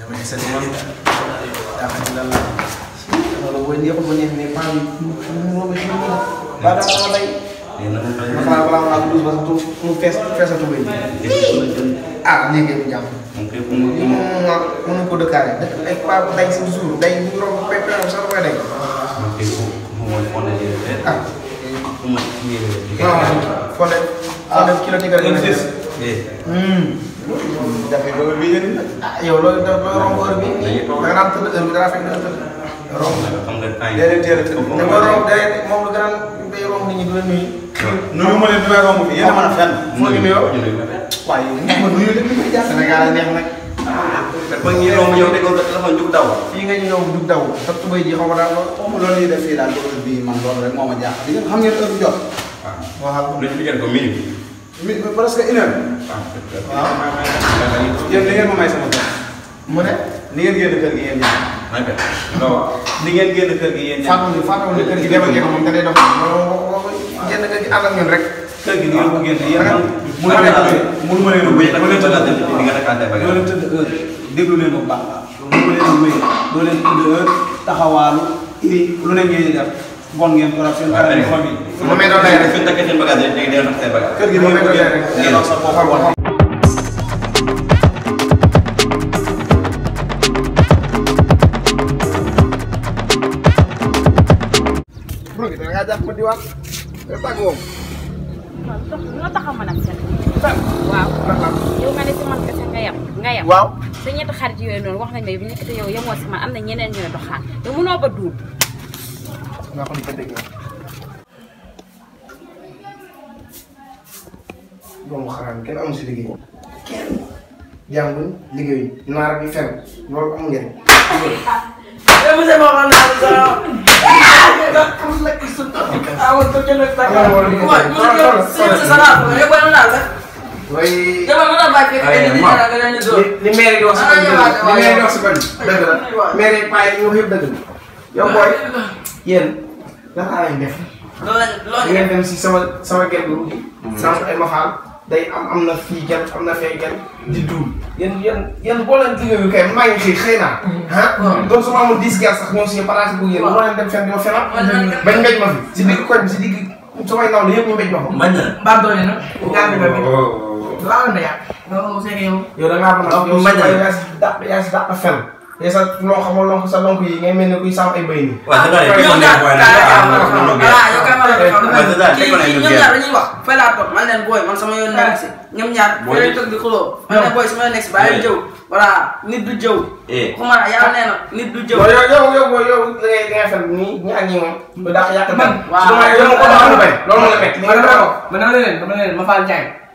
Jamais que ça Kalau dia aku aku tuh lu fest fest satu Ah, ini jam. Mungkin apa apa mau aja. Ah, jafe loolu bi yéen ah yow loolu loolu romb heure bi. dañuy romb da nga daan tëdd heure bi dara fekk da nga tëdd. romb xam nga temps yii déedéet déedéet da nga romb déedéet moom la gën a day romb nit ñi du la nuyu. nuyu ma leen damay romb bi yéen a mën a fenn. moo ngi nuyoo waaye yow ma nuyu lépp li koy jaar Sénégal a neex nag. ba ngi romb yow déggoo nga téléphone jug daw. fii nga ñu ñëw jug daw sa tubay ji xaw ma daal loolu loolu ñuy def fii daal ba heure bi man loolu rek moo ma jaaxal li nga xam ngeen heure bi jot. waaw waaw. lu ñu liggéey ko minuit parece que inan yéen li ngeen ma may sama doom mu ne ni ngeen génn kër gi yéen ñaar ni ngeen génn kër gi yéen ñaar fàttali fàttali kër gi demal ngeen moom da day dox génn nga ci ànd ak ñun rek kër gi ni ngeen ko génn yéen mënu ma leen mënu ma leen a wéy dama leen tëdd di nga nekkaatee ba doo leen tëdd heure déglu leen bu baax doo leen wéy doo leen tëdd heure taxawaalu iri lu bon ngeen ko seen xaar ni xol yi mu lay rek ñu takké seen bagage day day nak seen bagage kër gi ñu meño lay rek sa bokk Bro, kita nggak ada pendiwak. Kita gong. Lo tak kamu nak kan? Tak. Wow. Yow nga ne si man kese nga Wow. Sa ñett xarit yooyu wax nañ la yow nekk yow yemoo si man am na ñeneen ñu ba nggak akan dipetik ya doomu xaraan kenn amu si liggéey kenn jàngul liggéey naar bi fen loolu kamu ngeen yow sa ma xon naa sa nga xam la ki su awa to jënd mau tak ma mu jël di wax sa li mère di wax sa dëgg la mère pay ñu yëpp dëgg la yow booy yéen dafa lañ def. dem si sama sama gerte gi. Mm. sama ay maxaal day am am na fii gerte am na fee gerte di duul yéen yéen yéen boo leen diggante kay maa ngi xëy xëy naa. ah donc su ma amoon dix gerte sax ñoom si paraasi bu yéen moo leen dem fenn di ma fenal. bañ mbéj ma si digg koñ bi si digg samay naw oh, oh, oh, la yëpp ñu mbéj ma ko. mën na a yaa si dàq yaa si dàq fenn. mais sa loo xamoo lonk sa lonk yi ngay mel ne kuy sàmm ay béy nii. waaw te daal yow daal dañuy wax fay laa ni man leen booy man sama yoon nekk si ñoom ñaar booy leen toog di xuloo man leen booy sama yoon nekk si bàyyi jëw voilà nit nit du jëw. yow yow yow booy yow da ngay ngay fel nii ñi ak ñi moom. ba dàq yàq man. waaw ma ko doon loolu moo la fekk. man dama leen dama leen ma faal jaay